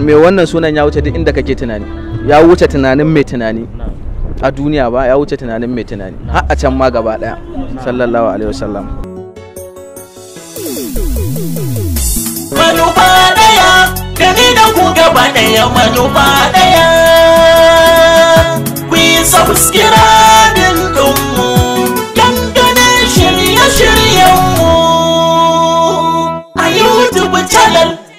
mai wannan sunan ya wuce duk inda kake tunani ya wuce tunanin mai tunani a duniya ba ya wuce tunanin mai tunani har a can ma gaba daya sallallahu alaihi wasallam manufa daya da ni da ku gaba daya manufa daya ku yi subscribe din mu dangane shirye mu a youtube channel